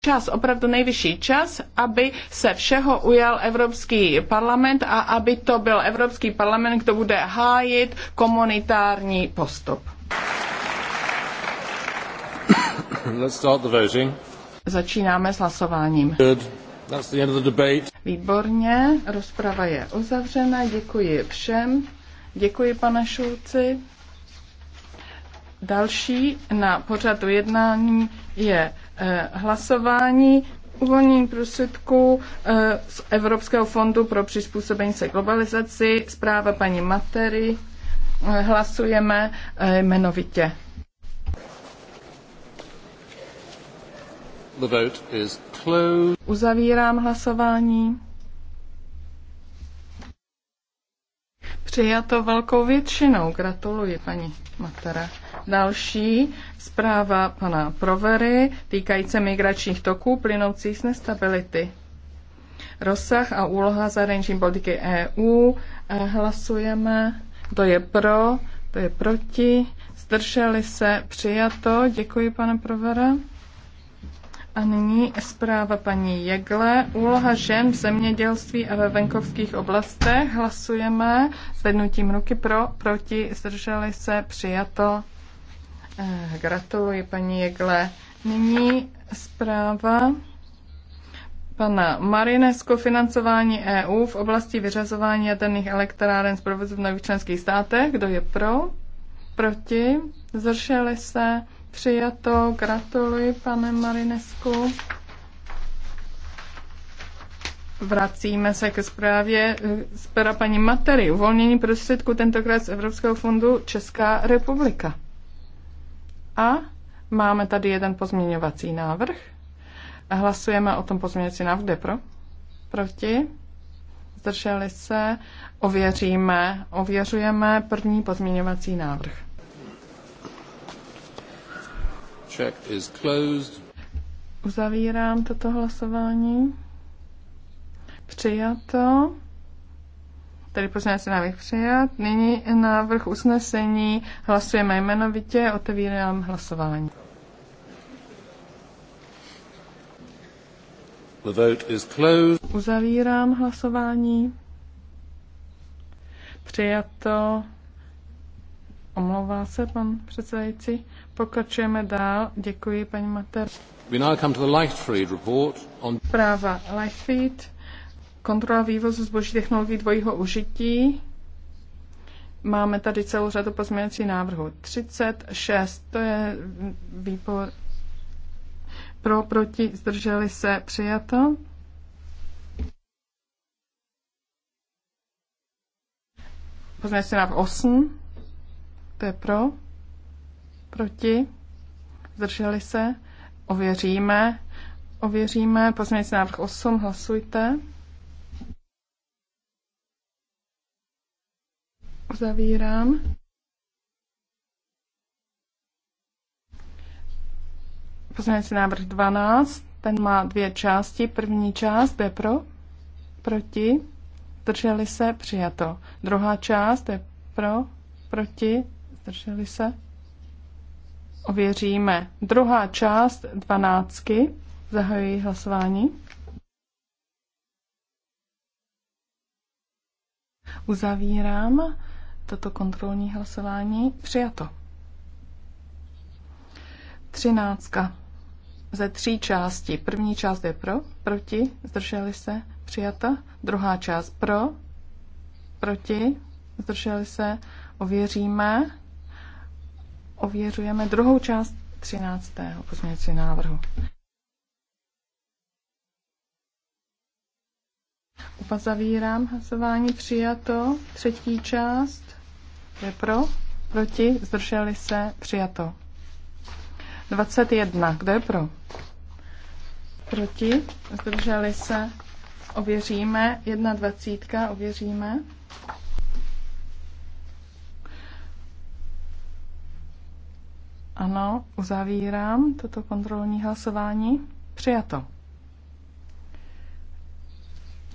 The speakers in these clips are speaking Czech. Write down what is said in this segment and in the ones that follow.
čas, opravdu nejvyšší čas, aby se všeho ujal Evropský parlament a aby to byl Evropský parlament, kdo bude hájit komunitární postup. Let's start the voting. Začínáme s hlasováním. Good. That's the end of the debate. Výborně, rozprava je uzavřena, děkuji všem. Děkuji, pane Šulci. Další na pořadu jednání je Eh, hlasování uvolnění prostředků eh, z Evropského fondu pro přizpůsobení se globalizaci, zpráva paní Matery, eh, hlasujeme jmenovitě. The vote is closed. Uzavírám hlasování. Přijato velkou většinou. Gratuluji, paní Matera. Další zpráva pana Provery týkající migračních toků plynoucích z nestability. Rozsah a úloha zahraniční politiky EU. Eh, hlasujeme, To je pro, to je proti. Zdrželi se, přijato. Děkuji, pane Provera. A nyní zpráva paní Jegle. Úloha žen v zemědělství a ve venkovských oblastech. Hlasujeme zvednutím ruky pro, proti, zdrželi se, přijato. Eh, gratuluji, paní Jegle. Nyní zpráva pana Marinesko financování EU v oblasti vyřazování jaderných elektráren z provozu v nových členských státech. Kdo je pro? Proti? Zršeli se? Přijato. Gratuluji, pane Marinesku. Vracíme se ke zprávě eh, z pera paní Matery. Uvolnění prostředku tentokrát z Evropského fondu Česká republika. A máme tady jeden pozměňovací návrh. Hlasujeme o tom pozměňovací návrh. Kde pro? Proti? Zdrželi se? Ověříme. Ověřujeme první pozměňovací návrh. Check is closed. Uzavírám toto hlasování. Přijato. Tady pozměňovací návrh přijat. Nyní návrh usnesení. Hlasujeme jmenovitě. Otevírám hlasování. The vote is closed. Uzavírám hlasování. Přijato. Omlouvá se pan předsedající. Pokračujeme dál. Děkuji, paní Mater. We now come to the Leichtfried report on... Práva Leichtfried Kontrola vývozu zboží technologií dvojího užití. Máme tady celou řadu pozměňovacích návrhů. 36, to je výbor pro, proti, zdrželi se, přijato. Pozměňovací návrh 8, to je pro, proti, zdrželi se, ověříme, ověříme, pozměňovací návrh 8, hlasujte. Uzavírám. si návrh 12, ten má dvě části. První část, je pro, proti, zdrželi se, přijato. Druhá část, je pro, proti, zdrželi se, ověříme. Druhá část dvanáctky. Zahajuji hlasování. Uzavírám toto kontrolní hlasování. Přijato. Třináctka ze tří části. První část je pro, proti, zdrželi se, přijata. Druhá část pro, proti, zdrželi se, ověříme. Ověřujeme druhou část 13. pozměňovacího návrhu. Upazavírám hlasování přijato. Třetí část je pro? Proti? Zdrželi se? Přijato. 21. Kdo je pro? Proti? Zdrželi se? Ověříme. 21. Ověříme. Ano, uzavírám toto kontrolní hlasování. Přijato.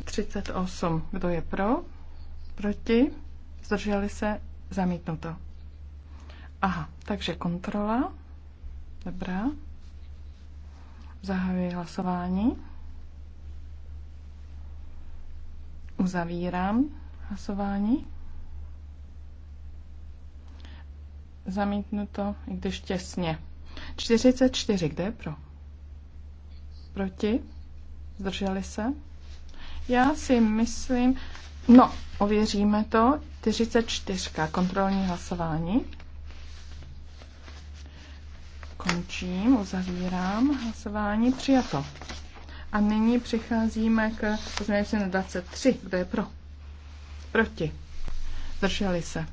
38. Kdo je pro? Proti? Zdrželi se? Zamítnuto. Aha, takže kontrola. Dobrá. Zahajuji hlasování. Uzavírám hlasování. Zamítnuto, i když těsně. 44, kde je pro? Proti? Zdrželi se? Já si myslím, No, ověříme to. 44. Kontrolní hlasování. Končím, uzavírám hlasování. Přijato. A nyní přicházíme k pozměnici na 23. Kdo je pro? Proti. Zdrželi se.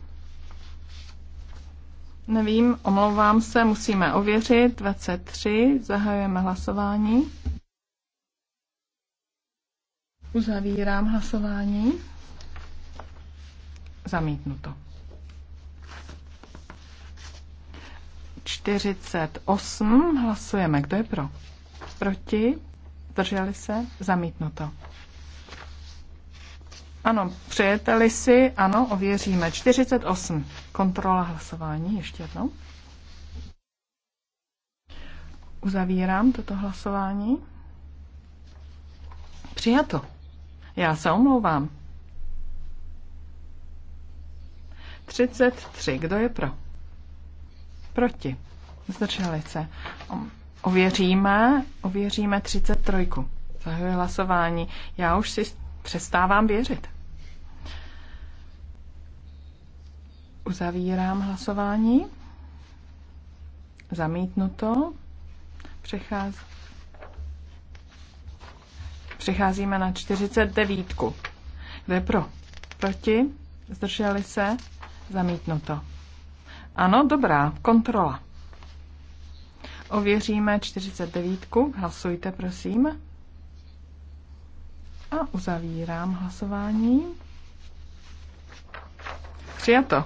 Nevím, omlouvám se, musíme ověřit. 23. Zahajujeme hlasování. Uzavírám hlasování. Zamítnuto. 48. Hlasujeme. Kdo je pro? Proti? Drželi se? Zamítnuto. Ano, přejete-li si? Ano, ověříme. 48. Kontrola hlasování. Ještě jednou. Uzavírám toto hlasování. Přijato. Já se omlouvám. 33. Kdo je pro? Proti. Zdrželi se. Ověříme, ověříme 33. Zahajuji hlasování. Já už si přestávám věřit. Uzavírám hlasování. Zamítnuto. Přechází. Přecházíme na 49. Kdo je pro? Proti? Zdrželi se? Zamítnuto. Ano, dobrá, kontrola. Ověříme 49. Hlasujte, prosím. A uzavírám hlasování. Přijato.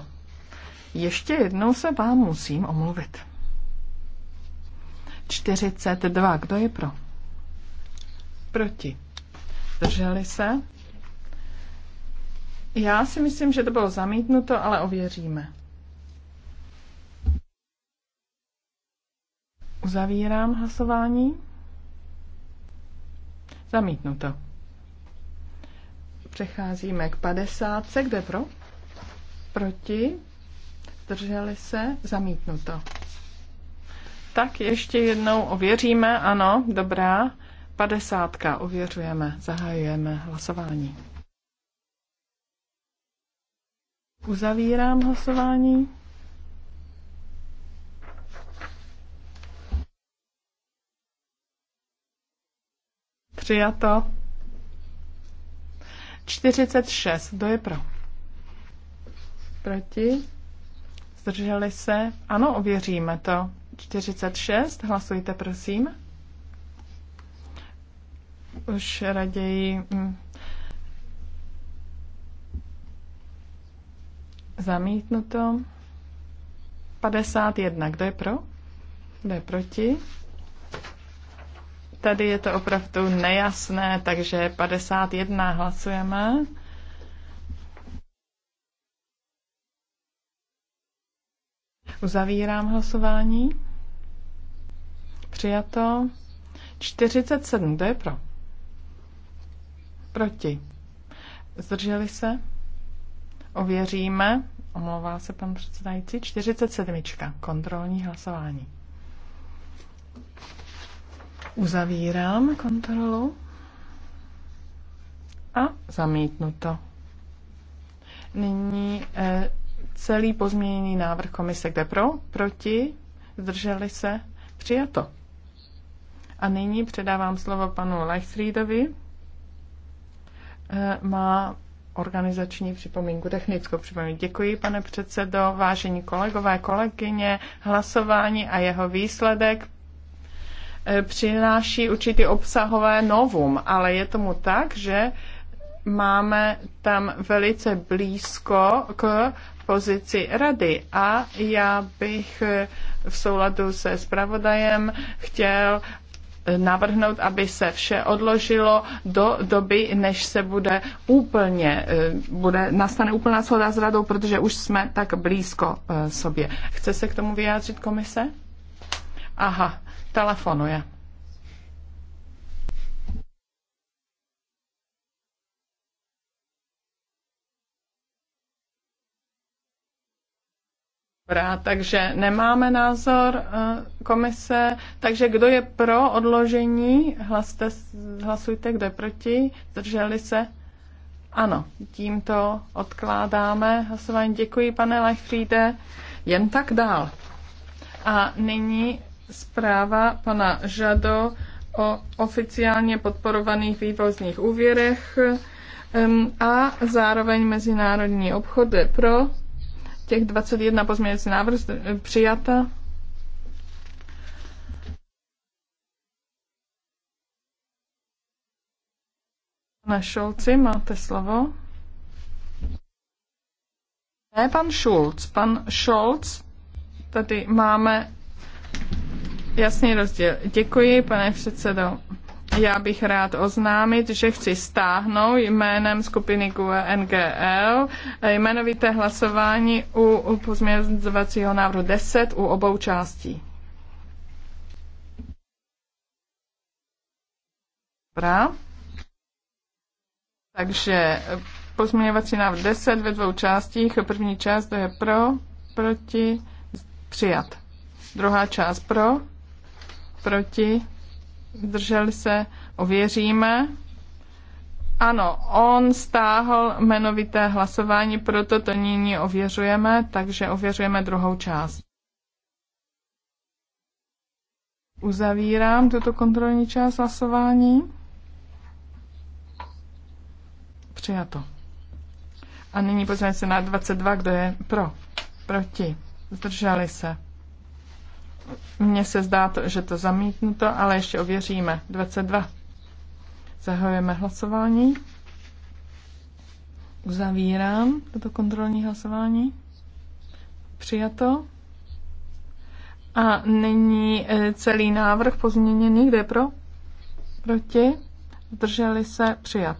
Ještě jednou se vám musím omluvit. 42. Kdo je pro? Proti. Drželi se? Já si myslím, že to bylo zamítnuto, ale ověříme. Uzavírám hlasování. Zamítnuto. Přecházíme k 50. Kde pro? Proti? Drželi se? Zamítnuto. Tak ještě jednou ověříme. Ano, dobrá. 50. Ověřujeme. Zahajujeme hlasování. Uzavírám hlasování. Přijato. 46. Kdo je pro? Proti? Zdrželi se? Ano, ověříme to. 46. Hlasujte, prosím. Už raději mm, Zamítnuto. 51. Kdo je pro? Kdo je proti? Tady je to opravdu nejasné, takže 51 hlasujeme. Uzavírám hlasování. Přijato. 47. Kdo je pro? Proti. Zdrželi se? Ověříme, omlouvá se pan předsedající, 47. Kontrolní hlasování. Uzavírám kontrolu a zamítnuto. Nyní eh, celý pozměněný návrh komise, kde pro, proti, zdrželi se, přijato. A nyní předávám slovo panu Leichsriedovi. Eh, má organizační připomínku, technickou připomínku. Děkuji, pane předsedo, vážení kolegové, kolegyně, hlasování a jeho výsledek eh, přináší určitý obsahové novum, ale je tomu tak, že máme tam velice blízko k pozici rady a já bych eh, v souladu se spravodajem chtěl navrhnout, aby se vše odložilo do doby, než se bude úplně, eh, bude, nastane úplná shoda s radou, protože už jsme tak blízko eh, sobě. Chce se k tomu vyjádřit komise? Aha, telefonuje. Dobrá, takže nemáme názor eh, komise, takže kdo je pro odložení, hlaste, hlasujte, kdo je proti, zdrželi se. Ano, tímto odkládáme hlasování. Děkuji, pane Lechfríde. Jen tak dál. A nyní zpráva pana Žado o oficiálně podporovaných vývozních úvěrech ehm, a zároveň mezinárodní obchod pro těch 21 pozměňující návrh eh, přijata. Pane Šulci, máte slovo. Ne, pan Šulc. Pan Šulc, tady máme jasný rozdíl. Děkuji, pane předsedo. Já bych rád oznámit, že chci stáhnout jménem skupiny GUE NGL eh, jmenovité hlasování u, u pozměňovacího návrhu 10 u obou částí. Dobrá. Takže pozměňovací návrh 10 ve dvou částích. První část to je pro, proti, přijat. Druhá část pro, proti, zdrželi se, ověříme. Ano, on stáhl jmenovité hlasování, proto to nyní ověřujeme, takže ověřujeme druhou část. Uzavírám tuto kontrolní část hlasování. Přijato. A nyní pozveme se na 22, kdo je pro, proti, zdrželi se. Mně se zdá, to, že to zamítnuto, ale ještě ověříme. 22. Zahajujeme hlasování. Uzavírám toto kontrolní hlasování. Přijato. A nyní e, celý návrh pozměněný. Kde pro? Proti? Drželi se přijat.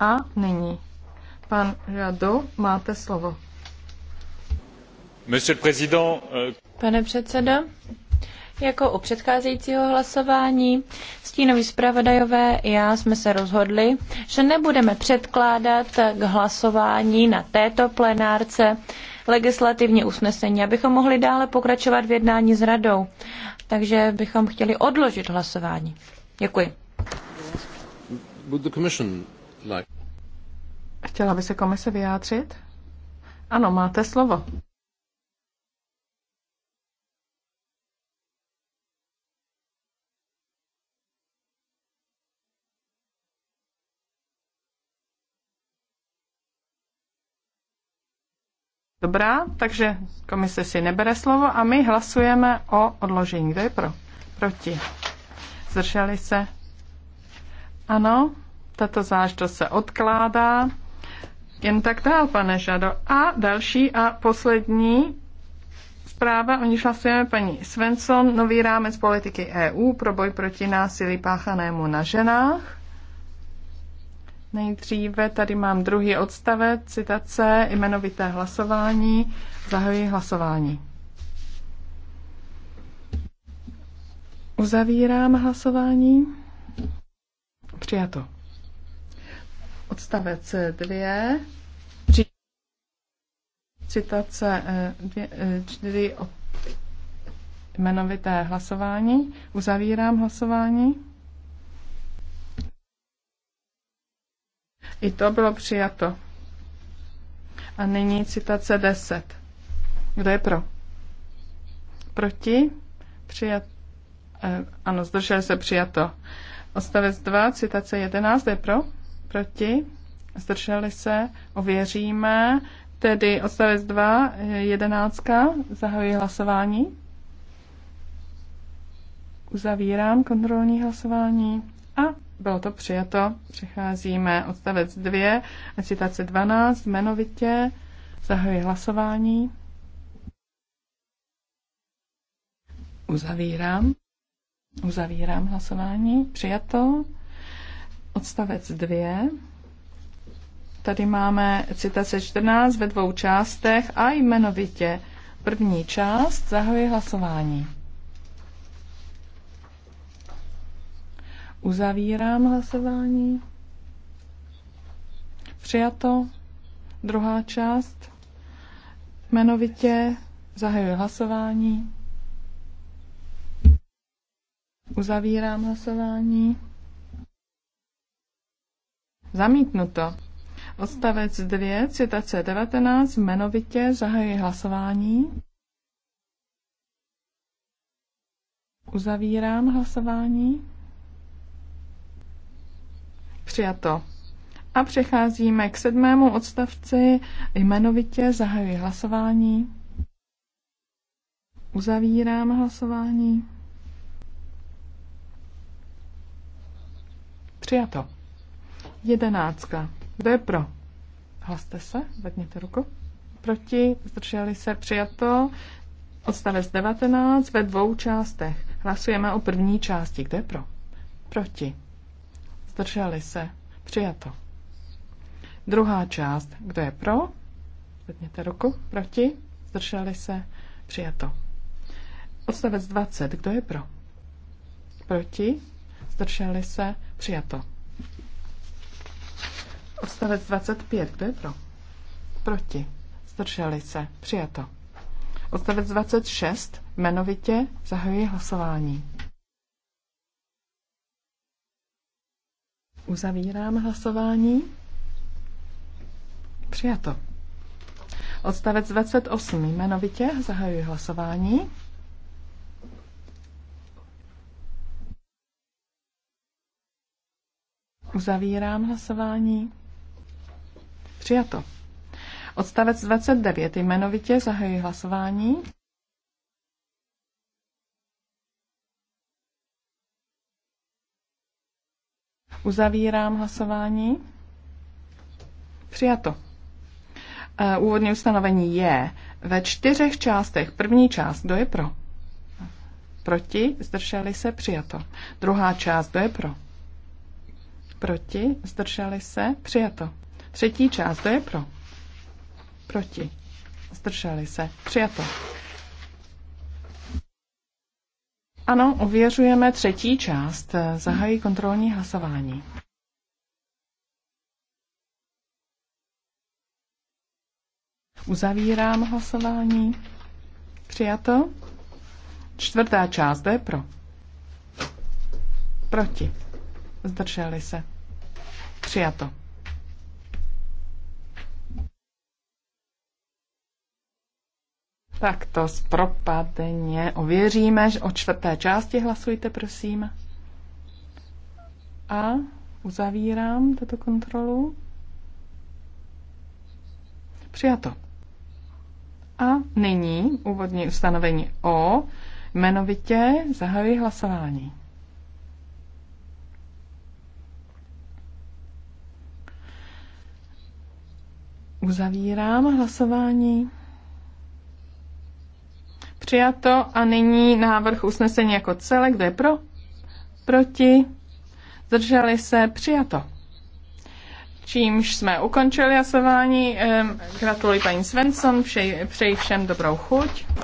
A nyní. Pan Žadu, máte slovo. Euh, Pane předsedající, jako u předcházejícího hlasování stínoví zpravodajové i já jsme se rozhodli, že nebudeme předkládat k hlasování na této plenárce legislativní usnesení, abychom mohli dále pokračovat v jednání s radou. Takže bychom chtěli odložit hlasování. Děkuji. Chtěla by se komise vyjádřit? Ano, máte slovo. Dobrá, takže komise si nebere slovo a my hlasujeme o odložení. Kdo je pro? Proti. Zdrželi se? Ano, tato záležitost se odkládá. Jen tak dál, pane Žado. A další a poslední zpráva, o níž hlasujeme paní Svensson, nový rámec politiky EU pro boj proti násilí páchanému na ženách. Nejdříve tady mám druhý odstavec, citace, jmenovité hlasování. Zahajuji hlasování. Uzavírám hlasování. Přijato. Odstavec 2. Citace eh, eh, čtyři jmenovité hlasování. Uzavírám hlasování. I to bylo přijato. A nyní citace 10. Kdo je pro? Proti? Přijat. Eh, ano, zdržel se přijato. Ostavec 2, citace 11, Kdo je pro? Proti? Zdrželi se? Ověříme. Tedy ostavec 2, 11. zahajuji hlasování. Uzavírám kontrolní hlasování a bylo to přijato. Přicházíme odstavec 2 a citace 12 jmenovitě. Zahajuji hlasování. Uzavírám. Uzavírám hlasování. Přijato. Odstavec 2. Tady máme citace 14 ve dvou částech a jmenovitě. První část zahajuje hlasování. Uzavírám hlasování. Přijato. Druhá část. Jmenovitě zahajuji hlasování. Uzavírám hlasování. Zamítnuto. Odstavec 2, citace 19, jmenovitě zahajuji hlasování. Uzavírám hlasování. Přijato. A přecházíme k sedmému odstavci. Jmenovitě zahajuji hlasování. Uzavírám hlasování. Přijato. Jedenáctka. Kdo je pro? Hlaste se, vedněte ruku. Proti, zdrželi se, přijato. Odstavec 19 ve dvou částech. Hlasujeme o první části. Kdo je pro? Proti. Zdrželi se. Přijato. Druhá část. Kdo je pro? Zvedněte ruku. Proti? Zdrželi se. Přijato. Odstavec 20. Kdo je pro? Proti? Zdrželi se. Přijato. Odstavec 25. Kdo je pro? Proti. Zdrželi se. Přijato. Odstavec 26. Jmenovitě zahajuji hlasování. Uzavírám hlasování. Přijato. Odstavec 28 jmenovitě zahajuji hlasování. Uzavírám hlasování. Přijato. Odstavec 29 jmenovitě zahajuji hlasování. Uzavírám hlasování. Přijato. E, úvodní ustanovení je ve čtyřech částech. První část, kdo je pro? Proti, zdrželi se, přijato. Druhá část, kdo je pro? Proti, zdrželi se, přijato. Třetí část, kdo je pro? Proti, zdrželi se, přijato. Ano, ověřujeme třetí část. Zahají kontrolní hlasování. Uzavírám hlasování. Přijato. Čtvrtá část je pro. Proti. Zdrželi se. Přijato. Tak to zpropadně ověříme. O čtvrté části hlasujte, prosím. A uzavírám tuto kontrolu. Přijato. A nyní úvodní ustanovení O. Jmenovitě zahajuji hlasování. Uzavírám hlasování. Přijato a nyní návrh usnesení jako celek. Kdo je pro? Proti? Zdrželi se? Přijato. Čímž jsme ukončili hlasování. Ehm, gratuluji paní Svensson, přeji všem dobrou chuť.